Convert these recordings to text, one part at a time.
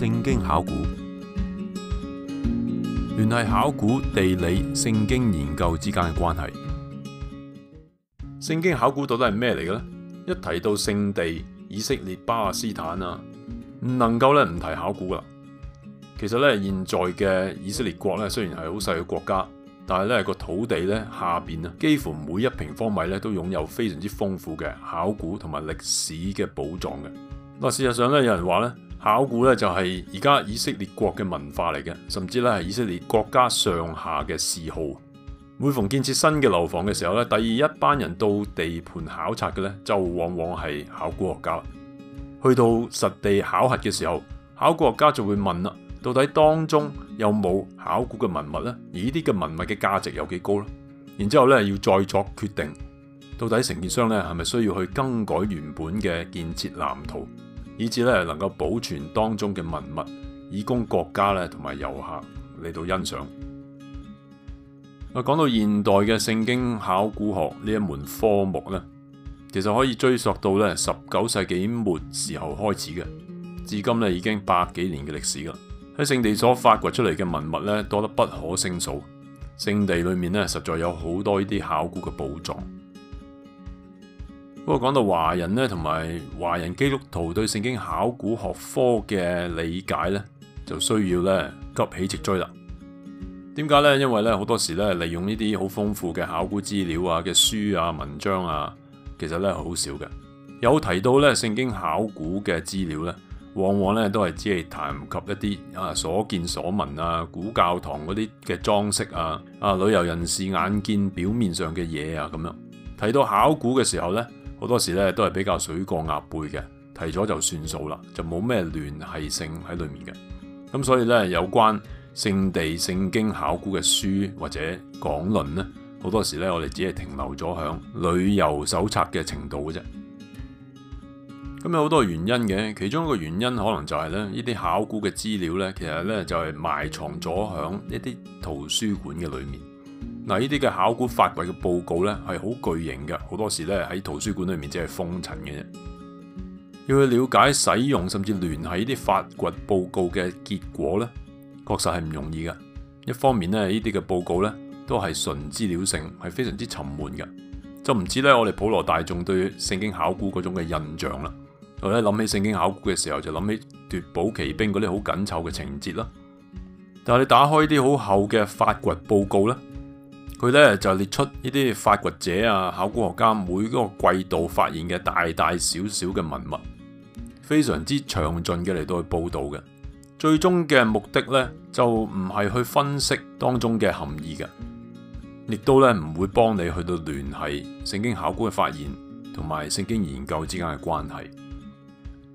聖經考古聯繫考古、地理、聖經研究之間嘅關係。聖經考古到底係咩嚟嘅咧？一提到聖地以色列、巴勒斯坦啊，唔能夠咧唔提考古啦。其實咧，現在嘅以色列國咧，雖然係好細嘅國家，但係咧個土地咧下邊咧，幾乎每一平方米咧都擁有非常之豐富嘅考古同埋歷史嘅寶藏嘅。嗱，事實上咧，有人話咧。考古咧就係而家以色列國嘅文化嚟嘅，甚至咧係以色列國家上下嘅嗜好。每逢建設新嘅樓房嘅時候咧，第一班人到地盤考察嘅咧，就往往係考古學家。去到實地考核嘅時候，考古學家就會問啦：到底當中有冇考古嘅文物呢？而呢啲嘅文物嘅價值有幾高呢？」然之後咧要再作決定，到底承建商咧係咪需要去更改原本嘅建設藍圖？以至咧能夠保存當中嘅文物，以供國家咧同埋遊客嚟到欣賞。啊，講到現代嘅聖經考古學呢一門科目咧，其實可以追溯到咧十九世紀末時候開始嘅，至今咧已經百幾年嘅歷史啦。喺聖地所發掘出嚟嘅文物咧多得不可勝數，聖地裡面咧實在有好多呢啲考古嘅寶藏。不過講到華人呢，同埋華人基督徒對聖經考古學科嘅理解呢，就需要呢急起直追啦。點解呢？因為呢好多時呢利用呢啲好豐富嘅考古資料啊嘅書啊文章啊，其實呢好少嘅。有提到呢聖經考古嘅資料呢，往往呢都係只係談及一啲啊所見所聞啊，古教堂嗰啲嘅裝飾啊，啊旅遊人士眼見表面上嘅嘢啊咁樣。提到考古嘅時候呢。好多時咧都係比較水過鴨背嘅，提咗就算數啦，就冇咩聯繫性喺裏面嘅。咁所以咧有關聖地聖經考古嘅書或者講論咧，好多時咧我哋只係停留咗喺旅遊手冊嘅程度嘅啫。咁有好多原因嘅，其中一個原因可能就係咧呢啲考古嘅資料咧，其實咧就係埋藏咗喺一啲圖書館嘅裏面。嗱，呢啲嘅考古發掘嘅報告咧，係好巨型嘅。好多時咧喺圖書館裏面即係封塵嘅啫。要去了解使用甚至聯繫呢啲發掘報告嘅結果咧，確實係唔容易嘅。一方面咧，呢啲嘅報告咧都係純資料性，係非常之沉悶嘅。就唔似咧，我哋普羅大眾對聖經考古嗰種嘅印象啦，我咧諗起聖經考古嘅時候就諗起奪寶奇兵嗰啲好緊湊嘅情節啦。但係你打開啲好厚嘅發掘報告咧。佢咧就列出呢啲發掘者啊、考古學家每個季度發現嘅大大小小嘅文物，非常之詳盡嘅嚟到去報道嘅。最終嘅目的咧就唔係去分析當中嘅含義嘅，亦都咧唔會幫你去到聯繫聖經考古嘅發現同埋聖經研究之間嘅關係。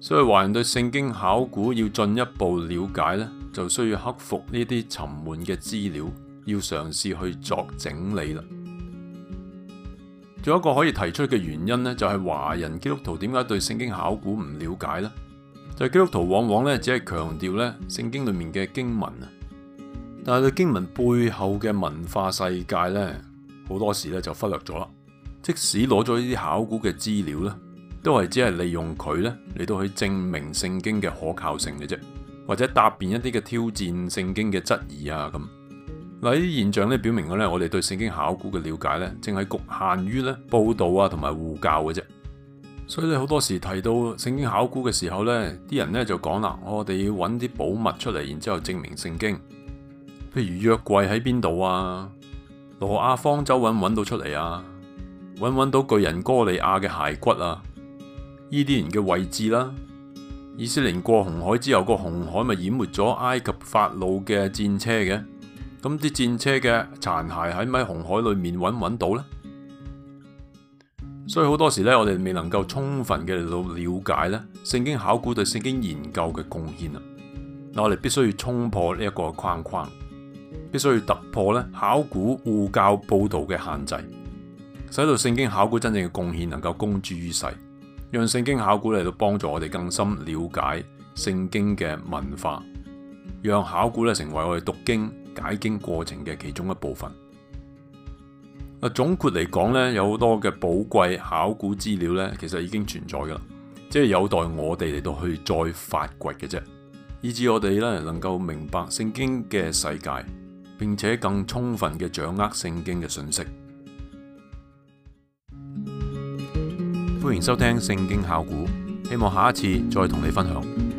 所以華人對聖經考古要進一步了解咧，就需要克服呢啲沉悶嘅資料。要嘗試去作整理啦。仲有一個可以提出嘅原因呢，就係華人基督徒點解對聖經考古唔了解呢？就係基督徒往往只係強調咧聖經裏面嘅經文。但係對經文背後嘅文化世界呢，好多時就忽略咗。即使攞咗呢啲考古嘅資料呢，都係只係利用佢呢嚟到去證明聖經嘅可靠性嘅啫，或者答辯一啲嘅挑戰聖經嘅質疑啊。嗱，啲現象咧表明我哋對聖經考古嘅了解咧，正係局限於報道呀，同埋護教嘅啫。所以咧，好多時提到聖經考古嘅時候呢，啲人呢就講啦：，我哋要揾啲寶物出嚟，然之後證明聖經比。譬如約櫃喺邊度呀？羅亞方舟揾唔揾到出嚟呀？揾唔揾到巨人哥利亞嘅骸骨呀？呢啲人嘅位置啦。以色列過紅海之後，個紅海咪淹沒咗埃及法老嘅戰車嘅？咁啲戰車嘅殘骸喺咪紅海裏面揾唔揾到呢？所以好多時咧，我哋未能夠充分嘅嚟到了解咧聖經考古對聖經研究嘅貢獻啊，嗱，我哋必須要衝破呢一個框框，必須要突破咧考古護教報道嘅限制，使到聖經考古真正嘅貢獻能夠公諸於世，讓聖經考古嚟到幫助我哋更深了解聖經嘅文化，讓考古咧成為我哋讀經。解經過程嘅其中一部分。啊，總括嚟講呢，有好多嘅寶貴考古資料呢，其實已經存在噶啦，即係有待我哋嚟到去再發掘嘅啫，以致我哋呢能夠明白聖經嘅世界，並且更充分嘅掌握聖經嘅信息。歡迎收聽《聖經考古》，希望下一次再同你分享。